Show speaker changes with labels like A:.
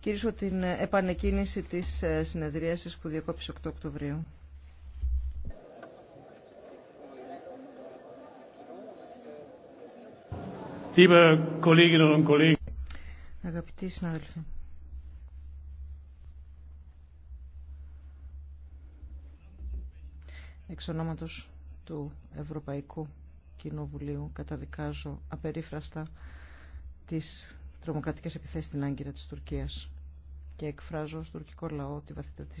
A: Κυρίσω την επανεκκίνηση της ε, συνεδρίασης που διακόπησε 8 Οκτωβρίου.
B: Αγαπητοί συνάδελφοι, εξ ονόματος του Ευρωπαϊκού Κοινοβουλίου καταδικάζω απερίφραστα τις τρομοκρατικές επιθέσει στην Άγκυρα της Τουρκίας. Και εκφράζω στον τουρκικό λαό τη βαθύτατη